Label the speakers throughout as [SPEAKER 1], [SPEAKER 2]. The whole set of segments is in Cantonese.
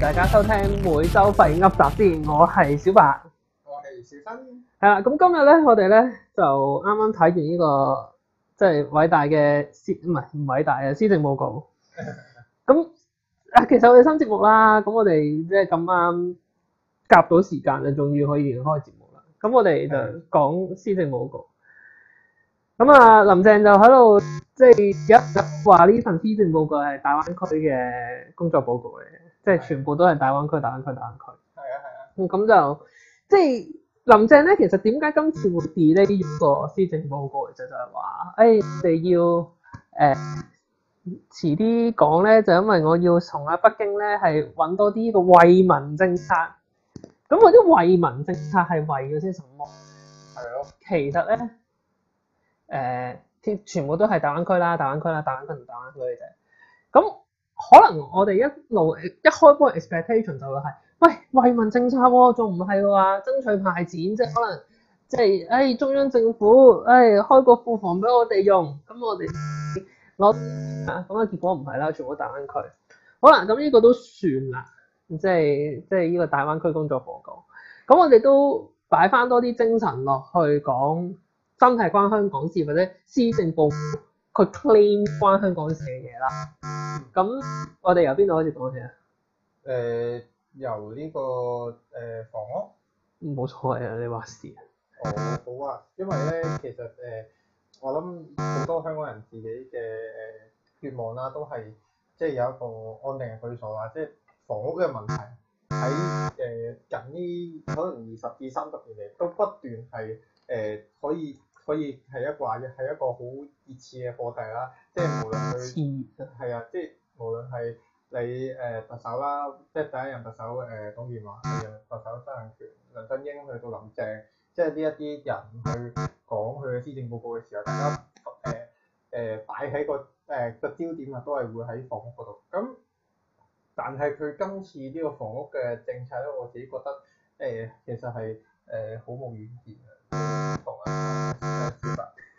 [SPEAKER 1] 大家收聽每週廢噏雜誌，我係小白，我係小新係啦。咁今日咧，我哋咧就啱啱睇完呢個即係偉大嘅施唔係唔偉大嘅施政報告。咁啊，其實我哋新節目啦，咁我哋即係咁啱夾到時間啦，終於可以開節目啦。咁我哋就講施政報告。咁啊，林鄭就喺度即係一就話呢份施政報告係大灣區嘅工作報告嚟。即係全部都係大灣區，大灣區，大灣區。
[SPEAKER 2] 係
[SPEAKER 1] 啊，係啊。咁、嗯、就即係林鄭咧，其實點解今次會 delay 呢個施政報告其實？就係、是、話，誒、哎，我哋要誒、呃、遲啲講咧，就因為我要同阿北京咧係揾多啲個惠民政策。咁嗰啲惠民政策係為咗啲什麼？係
[SPEAKER 2] 咯、啊。
[SPEAKER 1] 其實咧，誒、呃，全部都係大灣區啦，大灣區啦，大灣區同大灣區嘅啫。咁。可能我哋一路一開波 expectation 就會、是、係，喂，惠民政策喎、啊，仲唔係話爭取派錢啫？可能即係唉中央政府唉、哎、開個庫房俾我哋用，咁我哋攞嚇咁啊，結果唔係啦，全部大灣區，好啦，咁呢個都算啦，即係即係呢個大灣區工作報告，咁我哋都擺翻多啲精神落去講真係關香港事或者施政報佢 claim 關香港事嘢啦，咁、嗯、我哋由邊度開始講起啊？
[SPEAKER 2] 誒、呃，由呢、這個誒、呃、房屋，
[SPEAKER 1] 冇錯啊，你話事
[SPEAKER 2] 啊？哦，好啊，因為咧，其實誒、呃，我諗好多香港人自己嘅誒、呃、願望啦，都係即係有一個安定嘅居所啦，即係房屋嘅問題喺誒、呃、近呢可能二十至三十年嚟，都不斷係誒、呃、可以。可以係一個話，係一個好熱切嘅課題啦。即係無論佢係啊，即係無論係你誒特首啦，即係第一任特首誒董建華，係啊，特首曾蔭、呃、權、梁振英去到林鄭，即係呢一啲人去講佢嘅施政報告嘅時候，大家誒誒擺喺個誒個焦點啊，呃、都係會喺房屋嗰度。咁但係佢今次呢個房屋嘅政策咧，我自己覺得誒、呃、其實係誒好冇遠見。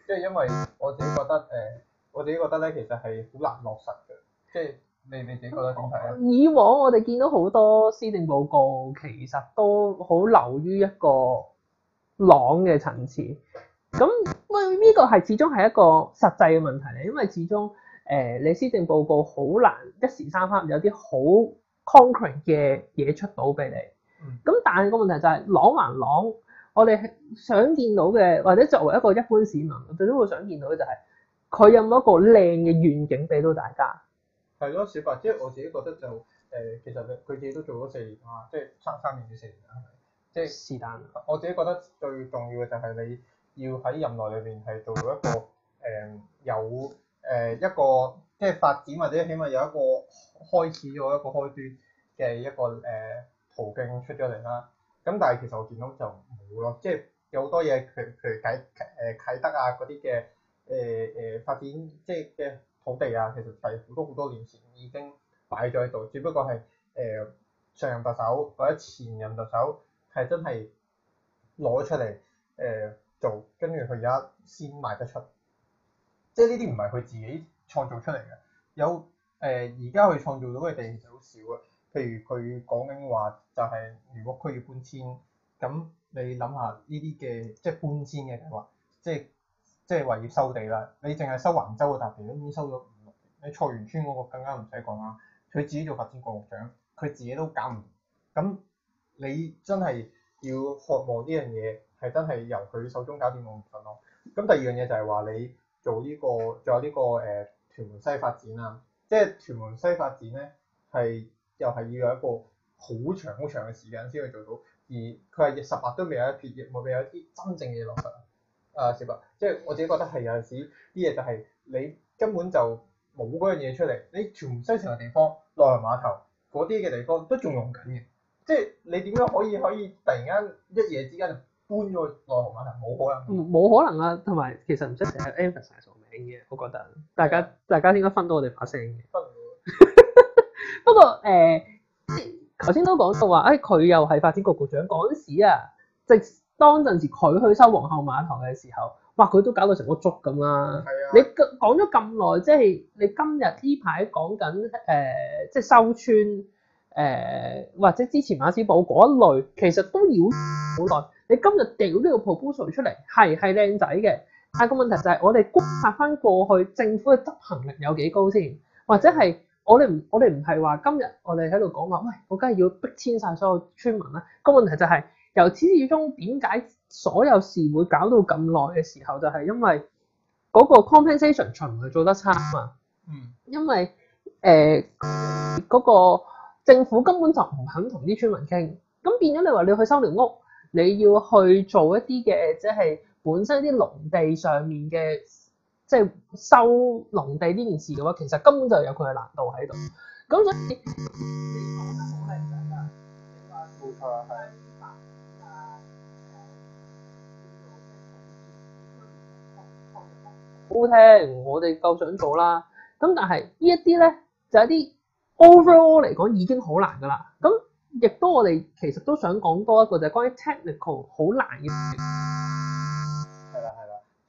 [SPEAKER 2] 即係因為我自己覺得誒、呃，我自己覺得咧，其實係好難落實嘅。即係你你自己覺得講法咧？以
[SPEAKER 1] 往我哋見到好多施政報告，其實都好流於一個朗嘅層次。咁喂，呢個係始終係一個實際嘅問題嚟，因為始終誒、呃，你施政報告好難一時三刻有啲好 concrete 嘅嘢出到俾你。咁、嗯、但係個問題就係朗還朗。浪我哋想見到嘅，或者作為一個一般市民，最都會想見到嘅就係、是、佢有冇一個靚嘅願景俾到
[SPEAKER 2] 大家。係咯，小白，即係我自己覺得就誒、呃，其實佢自己都做咗四年啊，即係三三年定四年啊，即是但，我自己覺得最重要嘅就係你要喺任內裏邊係做到一個誒、呃、有誒、呃、一個即係發展或者起碼有一個開始咗一個開端嘅一個誒、呃、途徑出咗嚟啦。咁但係其實我見到就冇咯，即係有好多嘢，譬如譬如啟德啊嗰啲嘅誒誒發展即係嘅土地啊，其實好多好多年前已經擺咗喺度，只不過係誒、呃、上任特首或者前任特首係真係攞出嚟誒、呃、做，跟住佢而家先賣得出，即係呢啲唔係佢自己創造出嚟嘅，有誒而家佢創造到嘅地其實好少啊。譬如佢講緊話，就係如果區要搬遷，咁你諗下呢啲嘅，即係搬遷嘅計劃，即係即係話要收地啦。你淨係收橫洲嘅地，已經收咗五六年。你菜園村嗰個更加唔使講啦，佢自己做發展局局長，佢自己都搞唔掂，咁你真係要渴望呢樣嘢係真係由佢手中搞掂，我唔信咯。咁第二樣嘢就係話你做呢、這個，仲有呢個誒、呃、屯門西發展啊，即係屯門西發展咧係。又係要有一個好長好長嘅時間先可以做到，而佢係十八都未有一撇亦冇未有啲真正嘅落實啊！誒、呃，小白即係我自己覺得係有陣時啲嘢就係你根本就冇嗰樣嘢出嚟，你全新城嘅地方內河碼頭嗰啲嘅地方都仲用緊嘅，即係你點樣可以可以突然間一夜之間就搬咗去內河碼頭？冇可能，
[SPEAKER 1] 冇可能啊！同埋其實唔出奇，Aventer 成日 emphasize
[SPEAKER 2] 做嘢。我覺得
[SPEAKER 1] 大家大家應該分到我哋把聲嘅。不過誒，頭、呃、先都講到話，誒、哎、佢又係發展局局長嗰陣時啊，即係當陣時佢去收皇后碼頭嘅時候，哇，佢都搞到成個粥咁啦。係啊！你講咗咁耐，即係你今日呢排講緊誒，即係收村誒、呃，或者之前馬屎埔嗰一類，其實都要好耐。你今日掉呢個 proposal 出嚟，係係靚仔嘅，但係個問題就係我哋觀察翻過去政府嘅執行力有幾高先，或者係。.我哋唔我哋唔係話今日我哋喺度講話，喂，我梗係要逼遷晒所有村民啦。個問題就係、是、由始至終點解所有事會搞到咁耐嘅時候，就係、是、因為嗰個 compensation 循環做得差啊嘛。嗯。因為誒嗰、呃那個政府根本就唔肯同啲村民傾，咁變咗你話你要去收寮屋，你要去做一啲嘅即係本身啲農地上面嘅。即係收農地呢件事嘅話，其實根本就有佢嘅難度喺度。咁所以你講得好靚仔啊！冇錯係。好聽，我哋夠想做啦。咁但係呢一啲咧，就係啲 overall 嚟講已經好難㗎啦。咁亦都我哋其實都想講多一個，就係關於 technical 好難嘅。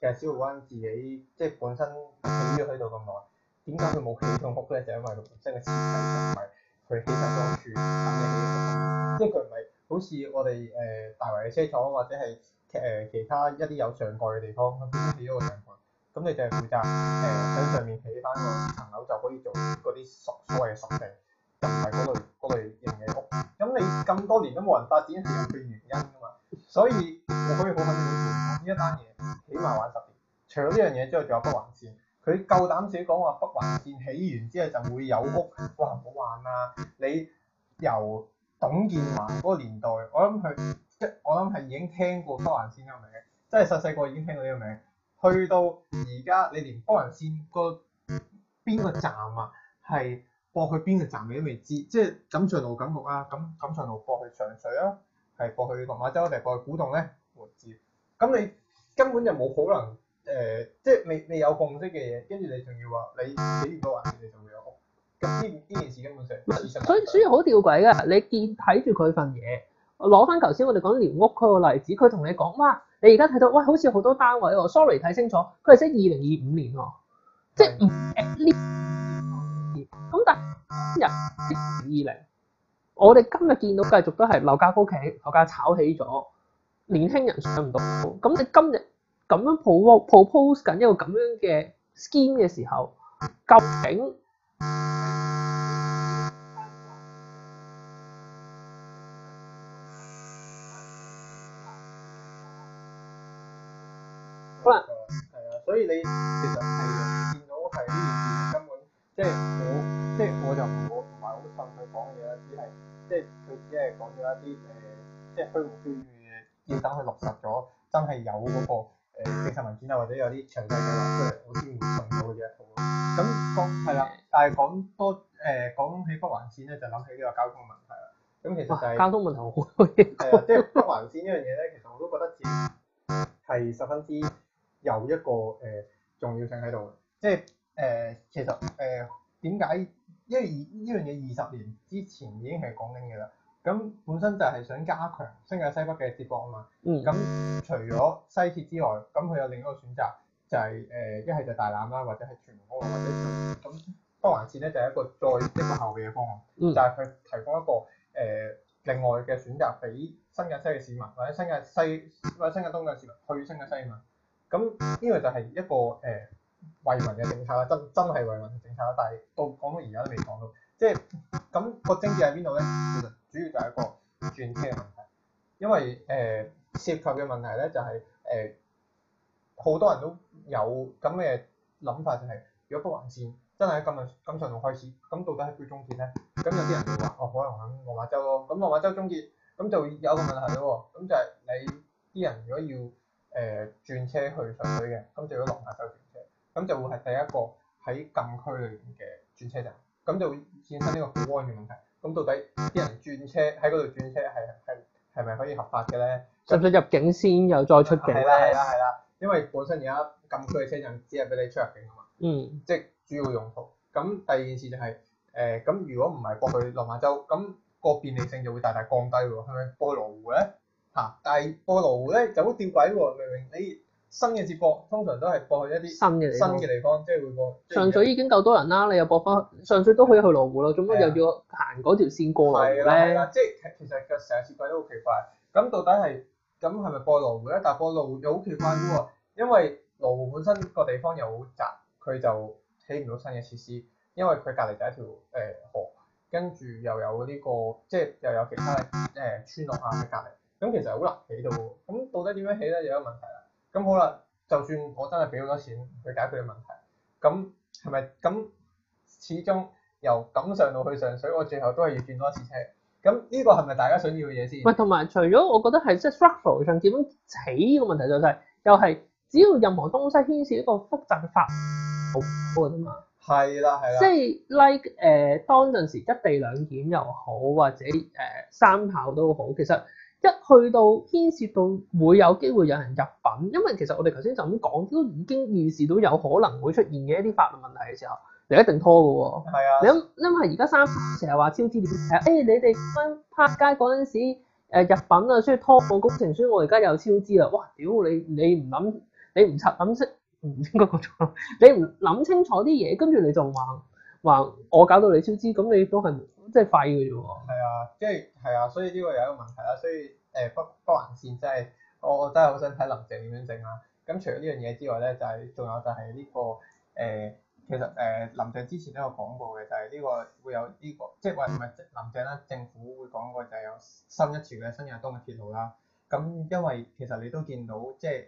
[SPEAKER 2] 其實小蠔灣自己即係本身起咗喺度咁耐，點解佢冇起到屋咧？就係、因為本身嘅設計唔係佢起成個住等嘅嘢，即係佢唔係好似我哋誒、呃、大圍嘅車廠或者係誒、呃、其他一啲有上蓋嘅地方，好似嗰個上蓋，咁你就係負責誒喺、呃、上面起翻個層樓就可以做嗰啲所所謂嘅熟地，就唔係嗰類嗰類型嘅屋。咁你咁多年都冇人發展，有佢原因㗎嘛？所以我可以好肯定呢一單嘢，起碼玩十年。除咗呢樣嘢之外，仲有北環線，佢夠膽死講話北環線起完之後就會有屋。哇！唔好玩啊！你由董建華嗰年代，我諗佢即我諗係已經聽過北環線嘅名，即係細細個已經聽到呢個名。去到而家，你連北環線個邊個站，個站啊，係駁去邊個站你都未知。即係錦綵路感綵啊，咁錦上路駁去上水啊。係過去落馬洲定過去古洞咧我知。咁你根本就冇可能誒、呃，即係未你有共識嘅嘢，跟住你仲要話你幾多萬，你仲有屋，咁呢呢件事根本上、就是，所以
[SPEAKER 1] 所以好吊詭㗎，你見睇住佢份嘢，攞翻頭先我哋講廉屋佢個例子，佢同你講哇，你而家睇到喂好似好多單位喎、哦，sorry 睇清楚，佢係寫二零二五年喎、哦，的即係唔誒呢，咁但今日二零。2020, 我哋今日見到繼續都係樓價高企，樓價炒起咗，年輕人上唔到。咁你今日咁樣 pro propose 緊一個咁樣嘅 scheme 嘅時候，究竟可能係啊？所以你其實
[SPEAKER 2] 係見到係呢件事根本，即係我即係我就唔好唔係好信佢講嘢。即係佢只係講咗一啲誒，即係虛無虛說，要等佢落實咗，真係有嗰個誒政策文件啊，或者有啲詳細計劃嚟，我先嚟做到嘅一套咁講係啦，但係講多誒講起北環線咧，就諗起呢個交通問題啦。咁其實就係交通問題
[SPEAKER 1] 好多嘢。誒，即係北環
[SPEAKER 2] 線呢樣嘢咧，其實我都覺得自，係十分之有一個誒重要性喺度。即係誒，其實誒點解？因為依依樣嘢二十年之前已經係講緊嘢啦，咁本身就係想加強新界西北嘅接駁啊嘛。咁、嗯、除咗西鐵之外，咁佢有另一個選擇就係誒一係就大欖啦，或者係荃灣或者咁北環線咧就係、是、一個再一個後備嘅方案，嗯、就係佢提供一個誒、呃、另外嘅選擇俾新界西嘅市民，或者新界西或者新界東嘅市民去新界西啊嘛。咁呢個就係一個誒。呃惠民嘅政策啦，真真係惠民嘅政策啦。但係到講到而家都未講到，即係咁、那個癥結喺邊度咧？其實主要就係一個轉車嘅問題，因為誒、呃、涉及嘅問題咧就係誒好多人都有咁嘅諗法，就係、是、如果北環線真係喺今日錦上路開始，咁到底喺邊度終結咧？咁有啲人就話：哦，可能喺落馬洲咯。咁落馬洲終結咁就有個問題咯。咁就係你啲人如果要誒轉、呃、車去上水嘅，咁就要落馬洲？咁就會係第一個喺禁區裏面嘅轉車站，咁就會產生呢個保安嘅問題。咁到底啲人轉車喺嗰度轉車係係係咪可以合法嘅咧？使唔
[SPEAKER 1] 使入境先又再出境？係啦係啦係
[SPEAKER 2] 啦，因為本身而家禁區嘅車站只係俾你出入境啊嘛。嗯，即係主要用途。咁第二件事就係、是、誒，咁、呃、如果唔係過去落馬洲，咁、那個便利性就會大大降低喎，係咪？過去羅湖咧嚇、啊，但係波羅湖咧就好吊詭喎，明唔明？你？新嘅接駁通常都係駁去一啲新嘅新嘅地方，即係會播。上水已
[SPEAKER 1] 經夠多人啦，你又播翻上水都可以去羅湖咯，做乜又要行嗰條線過嚟咧？係啦，係啦，即
[SPEAKER 2] 係其實嘅成日設計都好奇怪。咁到底係咁係咪播羅湖咧？但係播羅湖又好奇怪喎，因為羅湖本身個地方又好窄，佢就起唔到新嘅設施，因為佢隔離就係一條誒、呃、河，跟住又有呢、這個即係又有其他誒、呃、村落啊喺隔離，咁其實好難起到嘅。咁到底點樣起咧？又一個問題啦。咁好啦，就算我真係俾好多錢去解決嘅問題，咁係咪咁始終由咁上到去上水，我最後都係要轉多次車。咁呢、這個係咪大家想要嘅嘢先？唔係，同
[SPEAKER 1] 埋除咗我覺得係即係 structure 上點起呢個問題就係、是，又係只要任何東西牽涉一個複雜嘅法好好啊嘛。
[SPEAKER 2] 係啦，係啦。即係
[SPEAKER 1] like 誒、呃，當陣時一地兩檢又好，或者誒、呃、三跑都好，其實。一去到牽涉到會有機會有人入品，因為其實我哋頭先就咁講，都已經預示到有可能會出現嘅一啲法律問題嘅時候，你一定拖㗎喎。係啊。你諗，因為而家三成日話超支點解？誒，你哋分拍街嗰陣時誒入品啊，所以拖冇工程書，我而家又超支啊！哇，屌你你唔諗你唔察諗清唔應該講錯，你唔諗清楚啲嘢，跟住你就話話我搞到你超支，咁你都係。即係快嘅啫喎，
[SPEAKER 2] 係啊，即係係啊，所以呢個有一個問題啦。所以誒北北環線真係，我真係好想睇林鄭點樣整啦。咁除咗呢樣嘢之外咧，就係、是、仲有就係呢、這個誒、呃，其實誒、呃、林鄭之前都有講過嘅，就係、是、呢個會有呢、這個，即係話唔係林鄭啦，政府會講過就係有新一條嘅新界東嘅鐵路啦。咁因為其實你都見到，即係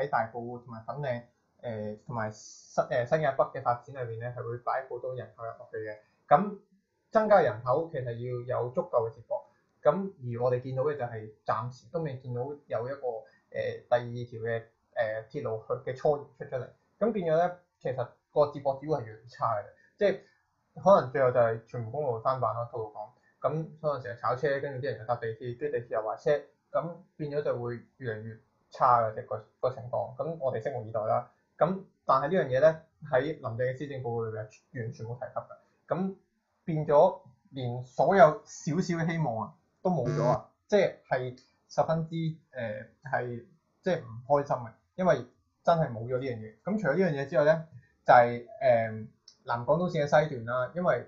[SPEAKER 2] 誒喺大埔同埋粉嶺誒同埋新誒、呃、新界、呃、北嘅發展裏面咧，係會擺好多人口入落嚟嘅。咁增加人口其實要有足夠嘅接駁，咁而我哋見到嘅就係暫時都未見到有一個誒、呃、第二條嘅誒鐵路嘅初業出出嚟，咁變咗咧，其實個接駁只會係越嚟越差嘅，即係可能最後就係全部公路翻版。咯，套路講，咁可能成日炒車，跟住啲人就搭地鐵，跟住地鐵又話車，咁變咗就會越嚟越差嘅個個情況，咁我哋拭目以待啦。咁但係呢樣嘢咧喺林鄭嘅施政報告裏邊完全冇提及嘅，咁。變咗連所有少少嘅希望啊都冇咗啊，即係十分之誒係、呃、即係唔開心嘅，因為真係冇咗呢樣嘢。咁、嗯、除咗呢樣嘢之外咧，就係、是、誒、呃、南港島線嘅西段啦、啊，因為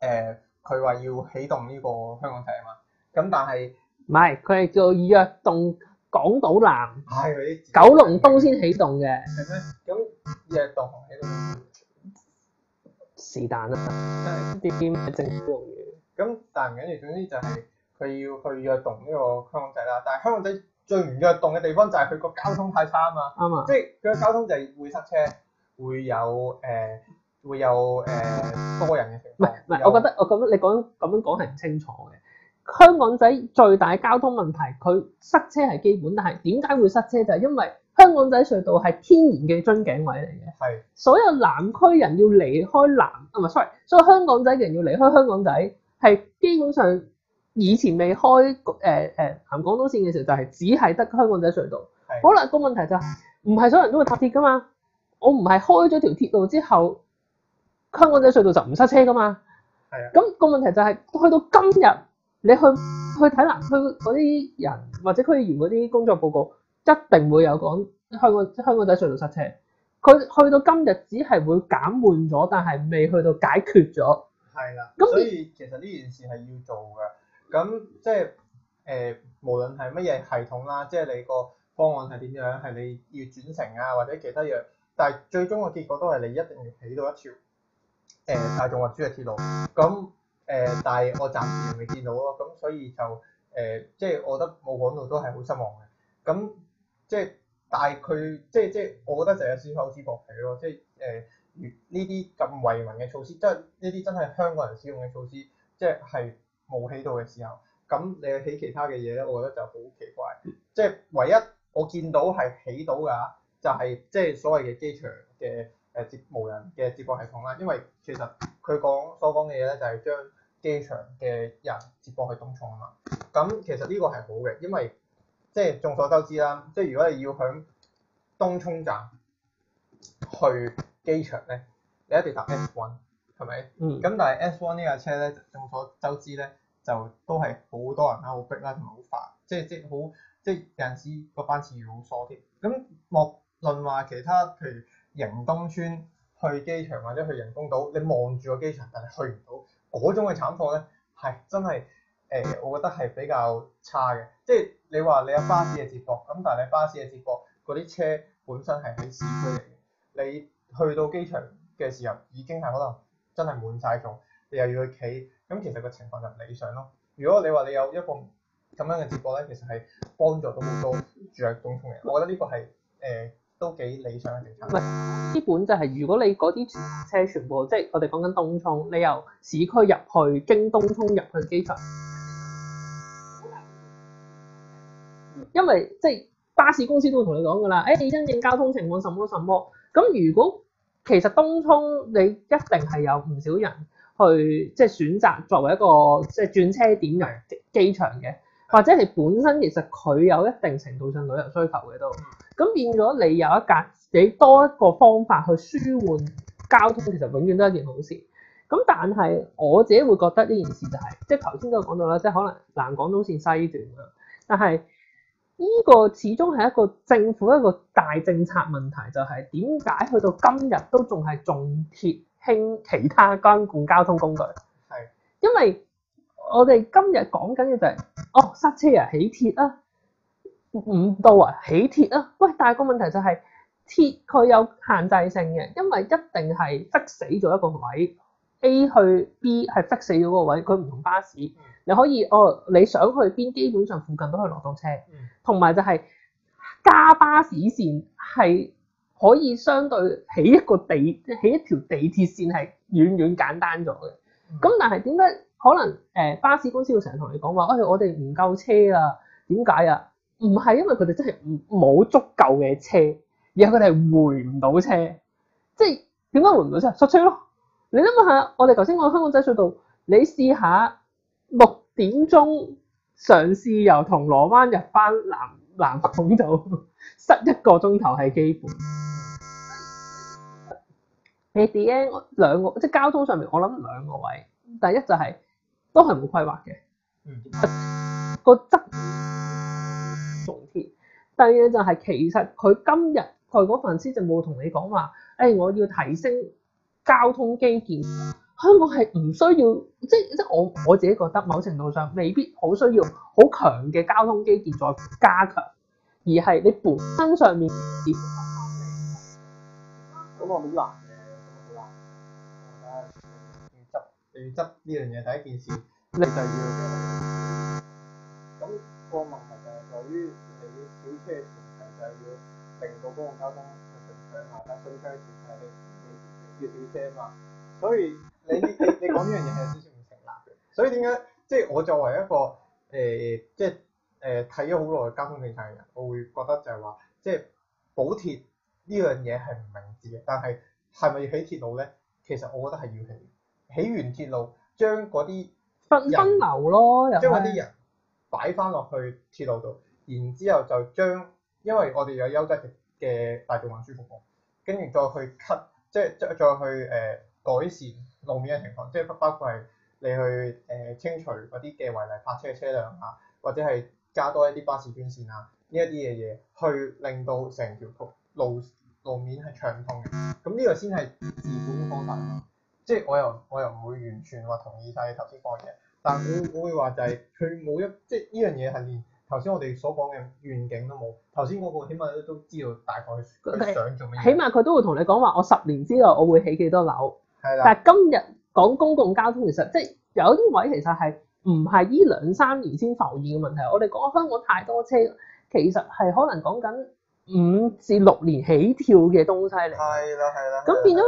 [SPEAKER 2] 誒佢話要起動呢個香港仔啊嘛，咁、嗯、但係
[SPEAKER 1] 唔係佢係做躍動港島南，係嗰啲九龍東先起動嘅，
[SPEAKER 2] 係咩？咁躍動喺度。
[SPEAKER 1] 是但啦，啲啲政府嘢。
[SPEAKER 2] 咁但係唔緊要，總之就係佢要去躍動呢個香港仔啦。但係香港仔最唔躍動嘅地方就係佢個交通太差啊嘛。啱啊吧。即係佢個交通就係會塞車，會有誒、呃，會有誒、呃、多人嘅情況。唔係唔係，我覺得我咁樣你講咁樣講係唔清楚嘅。
[SPEAKER 1] 香港仔最大交通問題，佢塞車係基本，但係點解會塞車就係、是、因為香港仔隧道係天然嘅樽頸位嚟嘅。係的，所有南區人要離開南啊，唔係 sorry，所有香港仔人要離開香港仔係基本上以前未開誒誒、呃呃、行港島線嘅時候，就係、是、只係得香港仔隧道。的好啦，個問題就係唔係所有人都會搭鐵㗎嘛？我唔係開咗條鐵路之後，香港仔隧道就唔塞車㗎嘛？係啊的，咁個問題就係、是、去到今日。你去去睇南區嗰啲人或者區議員嗰啲工作報告，一定會有講香港香港仔隧道塞車。佢去到今日只係會減緩咗，但係未去到解決咗。
[SPEAKER 2] 係啦的，咁那所以其實呢件事係要做㗎。咁即係誒、呃，無論係乜嘢系統啦，即係你個方案係點樣，係你要轉乘啊，或者其他嘢，但係最終嘅結果都係你一定要起到一條誒、呃、大眾運輸嘅鐵路。咁誒、呃，但係我暫時未見到咯，咁、嗯、所以就誒、呃，即係我覺得冇講到都係好失望嘅。咁、嗯、即係，但係佢即係即係、呃嗯，我覺得就係有少少好似駁起咯。即係誒，呢啲咁為民嘅措施，即係呢啲真係香港人使用嘅措施，即係冇起到嘅時候，咁你去起其他嘅嘢咧，我覺得就好奇怪。即係唯一我見到係起到㗎、就是，就係即係所謂嘅機場嘅。誒接、呃、無人嘅接駁系統啦，因為其實佢講所講嘅嘢咧，就係將機場嘅人接駁去東涌啊嘛。咁其實呢個係好嘅，因為即係、就是、眾所周知啦，即、就、係、是、如果你要響東涌站去機場咧，你一定要搭 S1，係咪？嗯。咁但係 S1 呢架車咧，眾所周知咧，就都係好多人啦、好逼啦，同埋好煩，即係即係好即係有陣時個班次要好疏啲。咁莫論話其他，譬如。迎東村去機場或者去人工島，你望住個機場，但係去唔到，嗰種嘅慘況呢，係真係誒、呃，我覺得係比較差嘅。即係你話你有巴士嘅接駁，咁但係你巴士嘅接駁嗰啲車本身係喺市區嚟嘅，你去到機場嘅時候已經係可能真係滿晒座，你又要去企，咁其實個情況就唔理想咯。如果你話你有一個咁樣嘅接駁呢，其實係幫助到好多住喺東涌嘅人，我覺得呢個係誒。呃都幾理想嘅機場。
[SPEAKER 1] 基本就係如果你嗰啲車，車全部，即、就、係、是、我哋講緊東涌，你由市區入去經東涌入去機場。因為即係巴士公司都同你講㗎啦，誒、哎，因應交通情況什麼什麼。咁如果其實東涌你一定係有唔少人去，即、就、係、是、選擇作為一個即係轉車點嘅機場嘅，或者係本身其實佢有一定程度上旅遊需求嘅都。咁變咗你有一格，你多一個方法去舒緩交通，其實永遠都係一件好事。咁但係我自己會覺得呢件事就係、是，即係頭先都講到啦，即係可能南廣東線西段啊。但係呢個始終係一個政府一個大政策問題、就是，就係點解去到今日都仲係重鐵輕其他幹管交通工具？係，因為我哋今日講緊嘅就係、是，哦塞車啊，起鐵啊。五度啊，起鐵啊！喂，但係個問題就係、是、鐵佢有限制性嘅，因為一定係塞死咗一個位 A 去 B 係塞死咗嗰個位，佢唔同巴士、嗯、你可以哦你想去邊？基本上附近都可以落到車，同埋、嗯、就係加巴士線係可以相對起一個地起一條地鐵線係遠遠簡單咗嘅。咁、嗯、但係點解可能誒、呃、巴士公司會成日同你講話，喂、哎，我哋唔夠車啊？點解啊？唔係因為佢哋真係冇足夠嘅車，而係佢哋係回唔到車。即係點解回唔到車？塞車咯。你諗下，我哋頭先講香港仔隧道，你試下六點鐘嘗試由銅鑼灣入翻南南港島， 塞一個鐘頭係基本。其實咧，兩 個即係交通上面，我諗兩個位。第一就係、是、都係冇規劃嘅，個質。 總結第二嘢就係，其實佢今日佢嗰份先就冇同你講話。誒，我要提升交通基建，香港係唔需要，即即我我自己覺得某程度上未必好需要好強嘅交通基建再加強，而係你本身上面。咁我咪
[SPEAKER 2] 話要執要執呢樣嘢，第一件事，
[SPEAKER 1] 你就要咁個問題。
[SPEAKER 2] 由於你啲小車前提就係，是，要令到公共交通順暢下啦，新車前提你你要起車嘛，所以你你你講呢樣嘢係有少少唔成立。所以點解即係我作為一個誒、呃、即係誒睇咗好耐交通政策嘅人，我會覺得就係話即係補貼呢樣嘢係唔明智嘅，但係係咪要起鐵路咧？其實我覺得係要起，起完鐵路將嗰啲分分流咯，將嗰啲人。擺翻落去鐵路度，然之後就將，因為我哋有優質嘅大眾運輸服務，跟住再去 cut，即係再再去誒、呃、改善路面嘅情況，即係包括係你去誒、呃、清除嗰啲嘅違例泊車車輛啊，或者係加多一啲巴士專線啊，呢一啲嘅嘢，去令到成條路路面係暢通嘅，咁、這、呢個先係治本方法，即係我又我又唔會完全話同意晒你頭先講嘅。 但係我我會話就係佢冇一即係呢樣嘢係連頭先我哋所講嘅願景都冇。頭先嗰個起碼都知道大概想做咩，起碼
[SPEAKER 1] 佢都會同你講話，我十年之內我會起幾多樓。係啦的。但係今日講公共交通，其實即係有啲位，其實係唔係依兩三年先浮現嘅問題。我哋講香港太多車，其實係可能講緊五至六年起跳嘅東西嚟。係啦，係啦。咁變咗。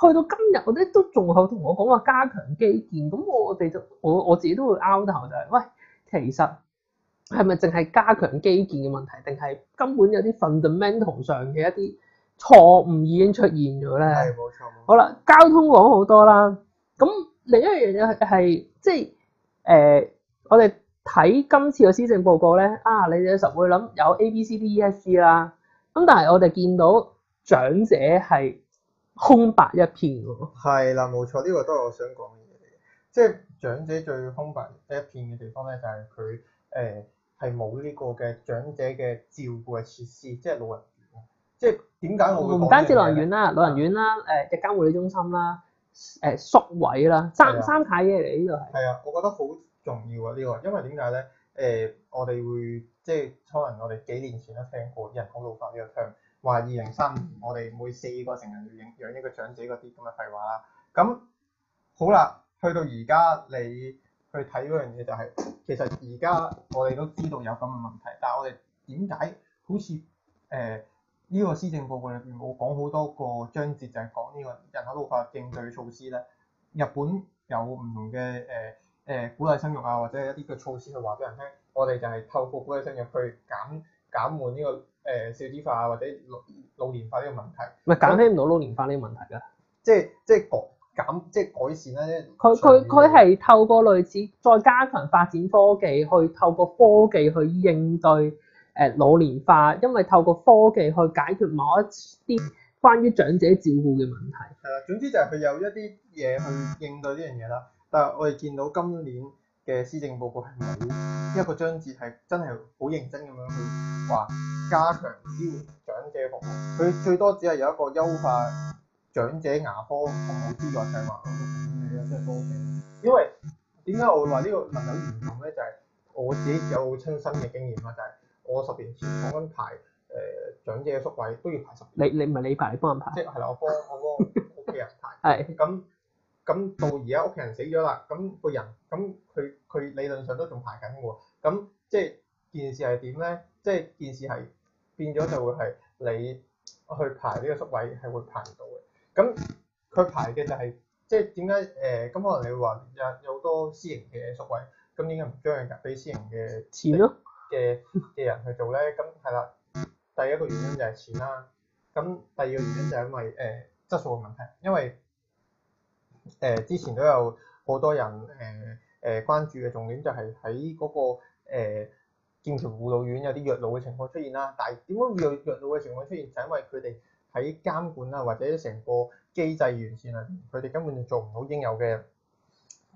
[SPEAKER 1] 去到今日，我哋都仲有同我講話加強基建，咁我哋就我我自己都會拗頭就係，喂，其實係咪淨係加強基建嘅問題，定係根本有啲 fundamental 上嘅一啲錯誤已經出現咗咧？係冇錯。好啦，交通講好多啦，咁另一樣嘢係即係誒、呃，我哋睇今次嘅施政報告咧，啊，你有時候會諗有 A、B、C、D、E、F、C 啦，咁但係我哋見到長者係。空白一片喎，
[SPEAKER 2] 係啦，冇錯，呢個都係我想講嘅嘢，嚟嘅。即係長者最空白一片嘅地方咧，就係佢誒係冇呢個嘅長者嘅照顧嘅設施，即係老人院，即係點解我會唔單止老人院啦，
[SPEAKER 1] 老人院啦，誒嘅日間護理中心啦，誒、呃、宿位啦，三的三太嘢嚟。呢個係
[SPEAKER 2] 係啊，我覺得好重要啊，呢、這個，因為點解咧？誒、呃，我哋會即係可能我哋幾年前都聽過人口老化呢個 t 話二零三五年我哋每四個成人要養養一個長者嗰啲咁嘅廢話啦，咁好啦，去到而家你去睇嗰樣嘢就係，其實而家我哋都知道有咁嘅問題，但係我哋點解好似誒呢個施政報告入邊冇講好多個章節就係講呢個人口老化應對措施咧？日本有唔同嘅誒誒鼓勵生育啊，或者一啲嘅措施去話俾人聽，我哋就係透過鼓勵生育去減減緩呢個。誒少子化啊，或者老老年化呢個問題，嗯，唔係減
[SPEAKER 1] 輕唔到老年化呢個問題
[SPEAKER 2] 㗎，即係即係減，即係改善咧。
[SPEAKER 1] 佢佢佢係透過類似再加強發展科技，去透過科技去應對誒老年化， 因為透過科技去解決某一啲關於長者照顧嘅問題。
[SPEAKER 2] 係啦，總之就係佢有一啲嘢去應對呢樣嘢啦。但係我哋見到今年嘅施政報告係冇一個章節係真係好認真咁樣去話加強支援長者服務，佢最多只係有一個優化長者牙科服務資助計劃咁嘅啫，即係多謝。因為點解我會話呢個能夠完成咧，就係、是、我自己有親身嘅經驗啦，就係、是、我十年前講緊排誒長、呃、者嘅宿位都要排十年你，你你
[SPEAKER 1] 唔係你排，你幫人排，即係係啦，
[SPEAKER 2] 我幫我幫屋企人排，係咁。 咁到而家屋企人死咗啦，咁、個人咁佢佢理論上都仲排緊喎，咁即係件事係點咧？即係件事係變咗就會係你去排呢個宿位係會排到嘅。咁佢排嘅就係、是、即係點解誒？咁、呃、可能你會話有有好多私營嘅宿位，咁點解唔將佢畀私營嘅錢咯嘅嘅人去做咧？咁係啦，第一個原因就係錢啦。咁第二個原因就係因為誒、呃、質素嘅問題，因為。誒、呃、之前都有好多人誒誒、呃呃、關注嘅重點就係喺嗰個誒、呃、劍橋護老院有啲虐老嘅情況出現啦。但係點解會有虐老嘅情況出現？就係因為佢哋喺監管啦，或者成個機制完善啊，佢哋根本就做唔到應有嘅，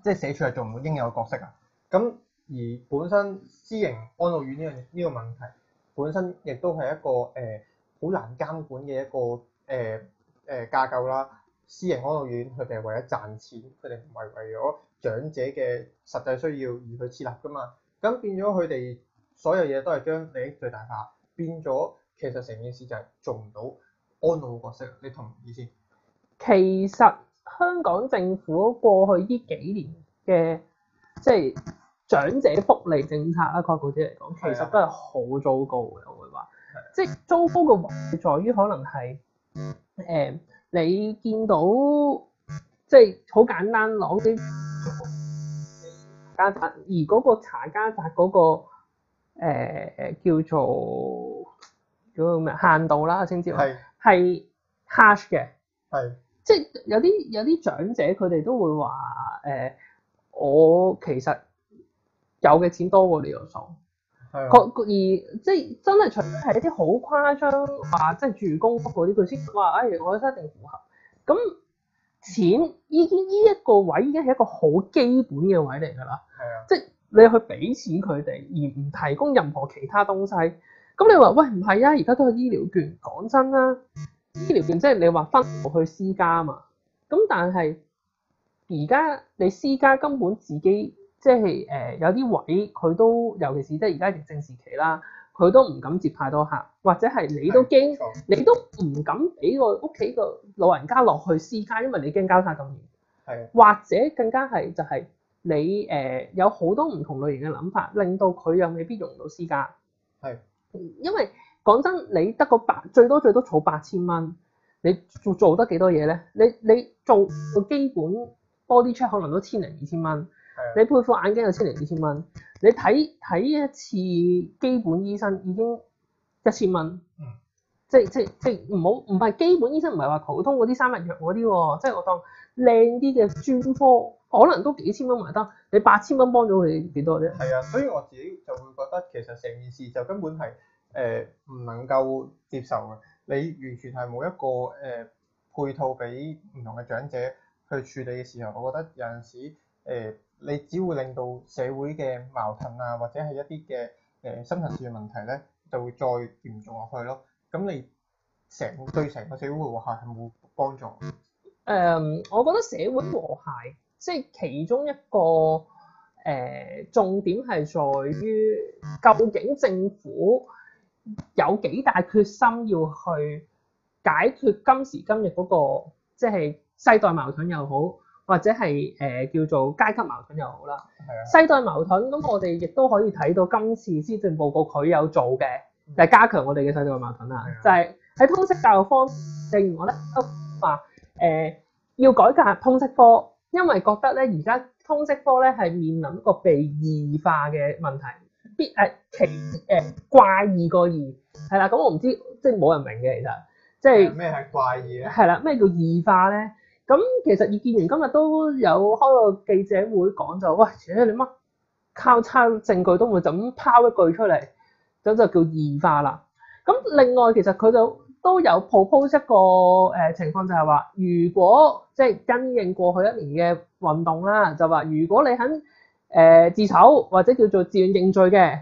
[SPEAKER 2] 即係社出嚟做唔到應有嘅角色啊。咁而本身私營安老院呢樣呢個問題，本身亦都係一個誒好、呃、難監管嘅一個誒誒、呃呃、架構啦。私營安老院佢哋係為咗賺錢，佢哋唔係為咗長者嘅實際需要而去設立噶嘛，咁變咗佢哋所有嘢都係將利益最大化，變咗其實成件事就係做唔到安老嘅角色，你同意先？
[SPEAKER 1] 其實香港政府過去呢幾年嘅即係長者福利政策啊，概括啲嚟講，其實都係好糟糕嘅，我會話，即係的糟糕嘅原因在於可能係誒。呃你見到即係好簡單攞啲家宅，而嗰個查家宅嗰、那個、呃、叫做叫個咩限度啦，稱之為係是 harsh 嘅，係是即係有啲有啲長者佢哋都會話誒、呃，我其實有嘅錢多過你個數。個而即係真係，除非係一啲好誇張話、啊，即係住公屋嗰啲，佢先話：哎，我覺得一定符合。咁錢已經呢一個位已經係一個好基本嘅位嚟㗎啦。係啊的，即係你去俾錢佢哋，而唔提供任何其他東西。咁你話喂唔係啊？而家都係醫療券，講真啦，醫療券即係你話分去私家啊嘛。咁但係而家你私家根本自己。即係誒、呃、有啲位佢都，尤其是即係而家疫症時期啦，佢都唔敢接太多客，或者係你都驚，你都唔敢俾個屋企個老人家落去私家，因為你驚交叉感染。係。是的 或者更加係就係、是、你誒、呃、有好多唔同類型嘅諗法，令到佢又未必用到私家。係。是的 因為講真，你得個八最多最多儲八千蚊，你做做得幾多嘢咧？你你做，做個基本 body check 可能都千零二千蚊。千你配副眼鏡就千零二千蚊，你睇睇一次基本醫生已經一千蚊，嗯，即係即係即係唔好唔係基本醫生唔係話普通嗰啲三日藥嗰啲喎，即係我當靚啲嘅專科可能都幾千蚊埋單，你八千蚊幫咗佢幾多啫？係啊，所以
[SPEAKER 2] 我自己就會覺得其實成件事就根本係誒唔能夠接受嘅，你完全係冇一個誒、呃、配套俾唔同嘅長者去處理嘅時候，我覺得有陣時誒。呃你只會令到社會嘅矛盾啊，或者係一啲嘅誒深層次嘅問題咧，就會再嚴重落去咯。咁你成對成個社會和諧係冇幫助。誒，um，
[SPEAKER 1] 我覺得社會和諧即係其中一個誒、呃、重點係在於，究竟政府有幾大決心要去解決今時今日嗰個即係世代矛盾又好。或者係誒、呃、叫做階級矛盾又好啦，係啊的，世代矛盾，咁我哋亦都可以睇到今次施政報告佢有做嘅，就係、是、加強我哋嘅世代矛盾啦。的就係喺通識教育方正如我哋都話誒要改革通識科，因為覺得咧而家通識科咧係面臨一個被異化嘅問題，必誒奇誒怪異個異係啦。咁我唔知即係冇人明嘅其實，即係咩係
[SPEAKER 2] 怪異咧？係啦，
[SPEAKER 1] 咩叫異化咧？咁其實葉建源今日都有開個記者會講就，喂，你乜靠撐證據都冇，就咁拋一句出嚟，咁就叫異化啦。咁另外其實佢就都有 propose 一個誒、呃、情況，就係話，如果即係跟應過去一年嘅運動啦，就話如果你肯誒、呃、自首或者叫做自願認罪嘅，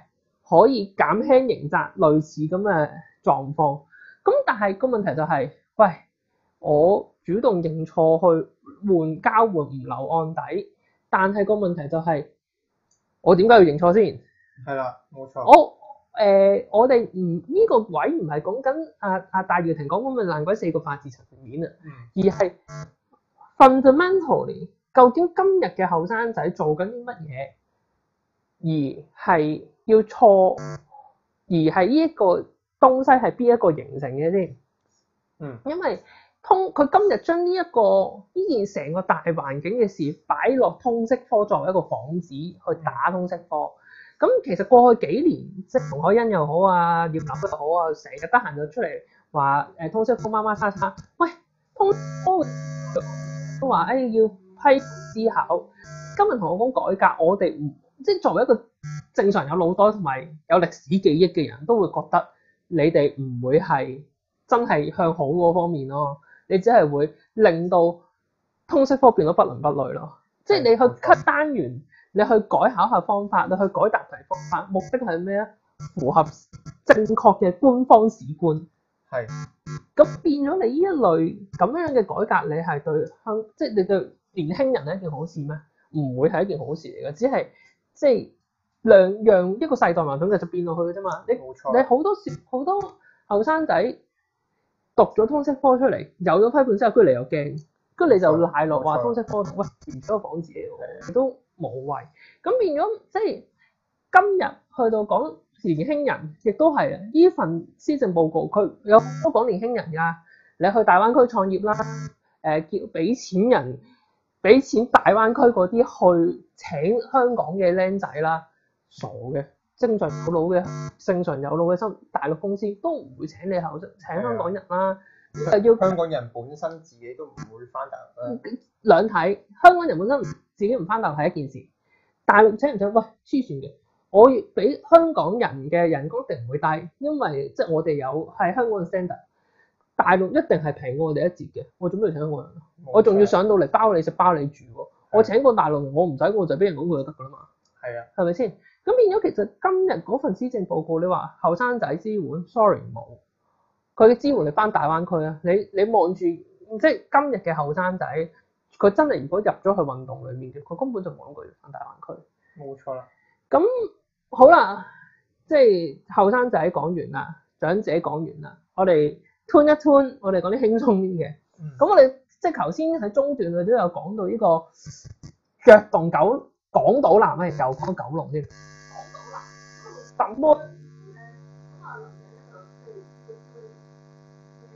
[SPEAKER 1] 可以減輕刑責，類似咁嘅狀況。咁但係個問題就係、是，喂。我主動認錯去換交換唔留案底，但係個問題就係、是、我點解要認錯先？係
[SPEAKER 2] 啦，冇錯、呃。我
[SPEAKER 1] 誒，我哋唔呢個位唔係講緊阿阿戴耀廷講嗰個爛鬼四個法治層面啊，嗯、而係 fundamentally，究竟今日嘅後生仔做緊啲乜嘢？而係要錯，而係呢一個東西係邊一個形成嘅先？嗯，因為。通佢今日將呢一個呢件成個大環境嘅事擺落通識科作為一個幌子去打通識科，咁其實過去幾年，即係馮海欣又好啊，葉立又好啊，成日得閒就出嚟話誒通識科麻麻叉叉，喂通科都話誒要批、哎、思考，今日同我講改革，我哋唔即係作為一個正常有腦袋同埋有歷史記憶嘅人都會覺得你哋唔會係真係向好嗰方面咯。你只係會令到通識科變到不倫不類咯，即係你去 cut 單元，你去改考下方法，你去改答題方法，目的係咩啊？符合正確嘅官方史觀。係是。咁變咗你呢一類咁樣嘅改革，你係對香，即係你對年輕人係一件好事咩？唔會係一件好事嚟嘅，只係即係兩樣一個世代矛盾嘅就變落去嘅啫嘛。你冇錯你好多時好多後生仔。讀咗通識科出嚟，有咗批判之後跟住嚟又驚，跟住你就賴落話通識科，喂，唔多講自己都冇謂，咁變咗即係今日去到講年輕人，亦都係啊，呢份施政報告佢有好多講年輕人噶，你去大灣區創業啦，誒，叫俾錢人，俾錢大灣區嗰啲去請香港嘅僆仔啦，傻嘅。正常有腦嘅、正常有腦嘅心，大陸公司都唔會請你後生，請香港人啦、啊。 要香港人
[SPEAKER 2] 本身自己都唔會返大陸。
[SPEAKER 1] 兩睇，香港人本身自己唔返大陸係一件事。大陸請唔請？喂，黐線嘅，我俾香港人嘅人工一定唔會低，因為即係我哋有係香港嘅 standard 大陸一定係平過我哋一截嘅。我做咩要請香港人？錯我仲要上到嚟包你食包你住的我過。我請個大陸我唔使我就畀人攞句就得㗎啦嘛。係啊的，係咪先？咁變咗，其實今日嗰份施政報告你，你話後生仔支援，sorry 冇佢嘅支援嚟翻大灣區啊！你你望住即係今日嘅後生仔，佢真係如果入咗去運動裏面，嘅，佢根本就冇諗過要翻大灣區。
[SPEAKER 2] 冇錯啦。
[SPEAKER 1] 咁好啦，即係後生仔講完啦，長者講完啦，我哋 tune 一 tune，我哋講啲輕鬆啲嘅。咁、嗯、我哋即係頭先喺中段佢都有講到呢、呢個躍動九港島南咧，又講到九龍先。上半，咁啊，臨尾咧
[SPEAKER 2] 就即係佢佢佢佢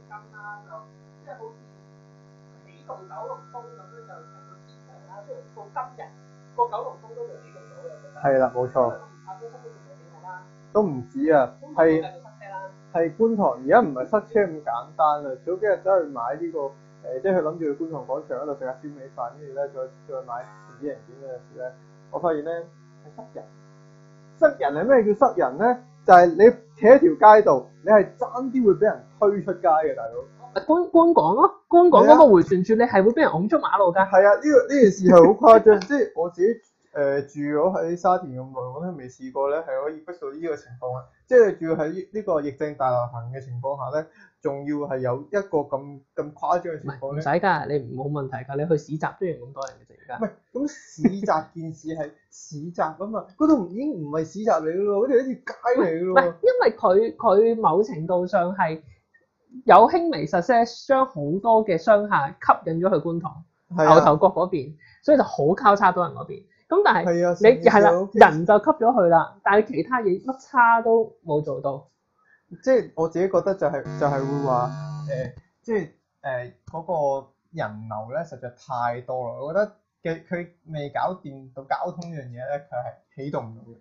[SPEAKER 2] 咁啦，就即係好似起動
[SPEAKER 1] 九
[SPEAKER 2] 龍東咁咧，就啊，即係到今日，個九龍東都未啓動到嘅。係啦，冇錯。啊，觀塘嗰邊嘅地方啦。都唔止啊，係係觀塘。而家唔係塞車咁簡單啦。早幾日走去買呢個誒，即係佢諗住去觀塘廣場嗰度食下酸味粉，跟住咧再再買電子零件嗰陣時咧，我發現咧係塞人。塞人係咩叫塞人咧？就係、係、你企喺條街度，你係爭啲會俾人推出街嘅，大佬。官觀港咯，觀港嗰個迴旋處，你係會俾人拱出馬路㗎。係啊，呢、呢個呢件、呢個、事係好誇張，即係我自己。誒、呃、住咗喺沙田咁耐，我都未試過咧，係可以逼到呢個情況啊！即係住喺呢個疫症大流行嘅情況下咧，仲要係有一個咁咁誇張嘅情況。唔使㗎，你冇問題㗎，你去市集都要咁多人嘅啫，而家。唔係，咁市集 件事係市集啊嘛，嗰度已經唔係市集嚟㗎咯，嗰度好似
[SPEAKER 1] 街嚟㗎咯。因為佢佢某程度上係有輕微實質將好多嘅商客吸引咗去觀塘、啊、牛頭角嗰邊，所以就好交叉到人嗰邊。咁但係係啊，你係啦，人就吸咗佢啦，但係其他嘢乜
[SPEAKER 2] 差都冇做到。即係我自己覺得就係就係會話誒，即係誒嗰個人流咧，實在太多啦。我覺得佢佢未搞掂到交通呢樣嘢咧，佢係起動唔到嘅。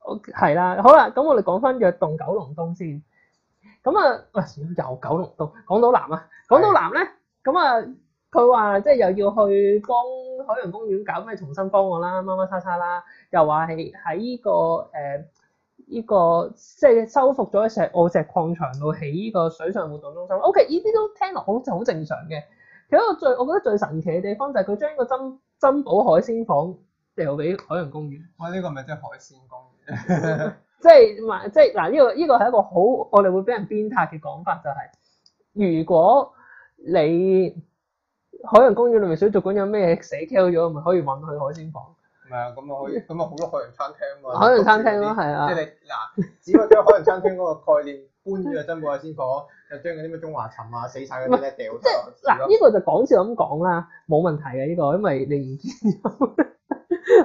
[SPEAKER 1] O K，係啦，好啦，咁我哋講翻約動九龍東先。咁啊，喂，又九龍東，港島南啊，港島南咧，咁啊。佢話即係又要去幫海洋公園搞咩重新方案啦，乜乜叉叉啦，又話係喺呢個誒依、呃呢個即係修復咗石澳石礦場度起呢個水上活動中心。O K，呢啲都聽落好似好正常嘅。其實我最我覺得最神奇嘅地方就係佢將個珍珍寶海
[SPEAKER 2] 鮮舫掉俾海洋公園。哇！呢、呢個咪即係海鮮公
[SPEAKER 1] 園 即？即係咪？即係嗱，呢、呢個呢、呢個係一個好我哋會俾人鞭撻嘅講法，就係、
[SPEAKER 2] 是、如果
[SPEAKER 1] 你。海洋公園裏面水族館有咩死 k 咗，咪可以揾去海鮮舫？唔係啊，咁
[SPEAKER 2] 啊、嗯、可以，咁啊好多海洋餐廳啊。海洋餐廳咯、啊，係啊。即係你嗱，只不過將海洋餐廳嗰個概念 搬咗去珍寶海鮮舫，就將嗰啲咩中華鱘啊死晒嗰
[SPEAKER 1] 啲咧掉咗。嗱，呢個就講笑咁講啦，冇問題嘅呢、這個，因為你唔知。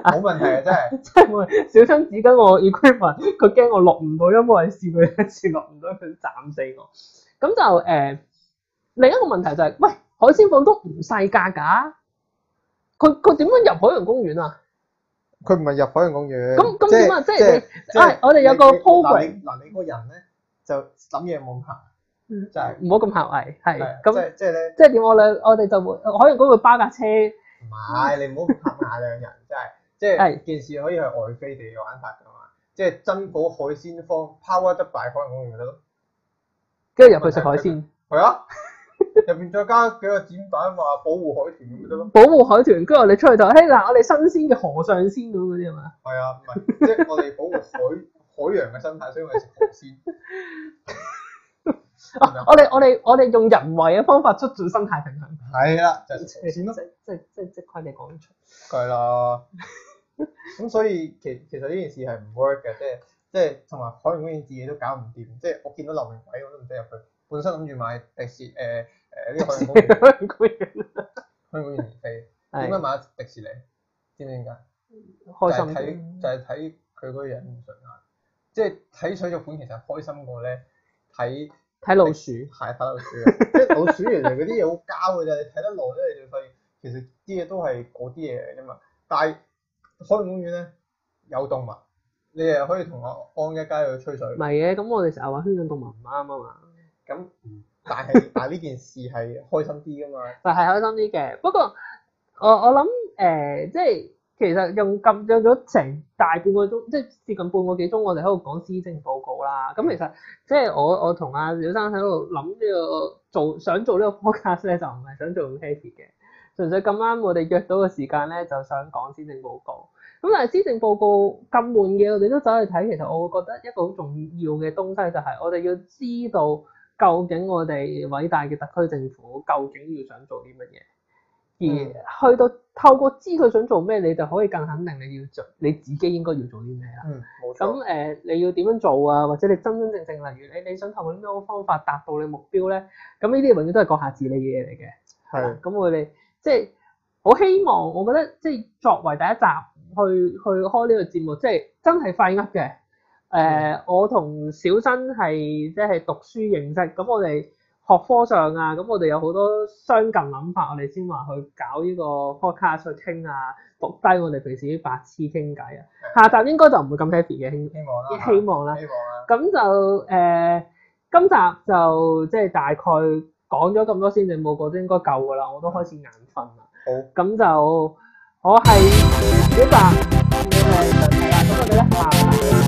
[SPEAKER 1] 冇問題 啊，真係的真係冇問題。 小新只跟我 e n t 佢驚我落唔到音，我試過一次落唔到，佢斬死我。咁就誒、呃、另一個問題就係、是、喂。海鮮坊都唔細價噶，佢佢點樣入海洋
[SPEAKER 2] 公園啊？佢唔係入海洋公園。咁咁點啊？即係你，我哋有個 program 嗱，你嗰人咧就枕夜夢行，就唔好咁狹隘。係咁即係
[SPEAKER 1] 咧，即係點我兩我哋就會海洋公園會包架車。唔係
[SPEAKER 2] 你唔好拍下兩人，真係即係件事可以去外飛地嘅玩法噶嘛？即係珍寶海鮮坊 power 得擺海洋公園咪得咯，
[SPEAKER 1] 跟住入去食海鮮。
[SPEAKER 2] 係啊。入邊再加幾個展板，話保護海豚咁得咯。保護
[SPEAKER 1] 海豚，跟住我哋出去就，誒嗱，我哋新鮮嘅河上仙咁嗰啲係嘛？係啊，唔係即係我哋
[SPEAKER 2] 保護海 海洋嘅生態，所以我哋食河鮮。我哋我哋
[SPEAKER 1] 我哋用人為嘅
[SPEAKER 2] 方法促進生態平衡。係啦， 就係咯，即即即規地講出。係咯。咁所以，其實其實呢件事係唔 work 嘅，即係即係同埋海洋公園自己都搞唔掂。即係我見到流明鬼，我都唔想入去。本身諗住買迪士尼，誒、呃、誒呢個海洋公園，海洋公園點解買迪士尼？知唔知點解？開心睇，就係睇佢嗰個人唔順眼，即係睇水族館其實開心過咧，睇睇老鼠，係睇老鼠， 即係老鼠原來嗰啲嘢好膠嘅咋，你睇得耐咧你就發現其實啲嘢都係嗰啲嘢嚟㗎嘛。但係海洋公園咧有動物，你又可以同我安一家去吹水。唔
[SPEAKER 1] 係嘅，咁我哋成日話香港動物唔
[SPEAKER 2] 啱啊嘛。咁， 但係但呢件事係開心啲㗎嘛？但係 開心啲嘅，
[SPEAKER 1] 不過我我諗誒、呃，即係其實用咁用咗、嗯、成大半個鐘，即係接近半個幾鐘，我哋喺度講施政報告啦。咁、嗯、其實即係我我同阿小新喺度諗呢個做想做個呢個 podcast 咧，就唔係想做咁 happy 嘅，純粹咁啱我哋約到個時間咧，就想講施政報告。咁、嗯、但係施政報告咁悶嘅，我哋都走去睇。其實我覺得一個好重要要嘅東西就係我哋要知道。究竟我哋偉大嘅特區政府究竟要想做啲乜嘢？嗯、而去到透過知佢想做咩，你就可以更肯定你要做你自己應該要做啲咩啦。嗯，冇錯。咁誒、呃，你要點樣做啊？或者你真真正正，正，例如你你想透過啲咩方法達到你目標咧？咁呢啲永遠都係閣下自理嘅嘢嚟嘅。係、嗯。咁我哋即係好希望，嗯、我覺得即係作為第一集去去開呢個節目，即係真係快噏嘅。誒、嗯呃，我同小新係即係讀書認識，咁我哋學科上啊，咁我哋有好多相近諗法，我哋先話去搞呢個 Podcast 去傾啊，讀低我哋平時啲白痴傾偈啊。的下集應該就唔會咁 happy 嘅，希望啦，希望啦。希望啦。咁、嗯、就誒、呃，今集就即係大概講咗咁多先，你冇個都應該夠噶啦，我都開始眼瞓啦。好、嗯。咁就我係小白，係、嗯、啦，咁我哋咧下集。嗯嗯嗯。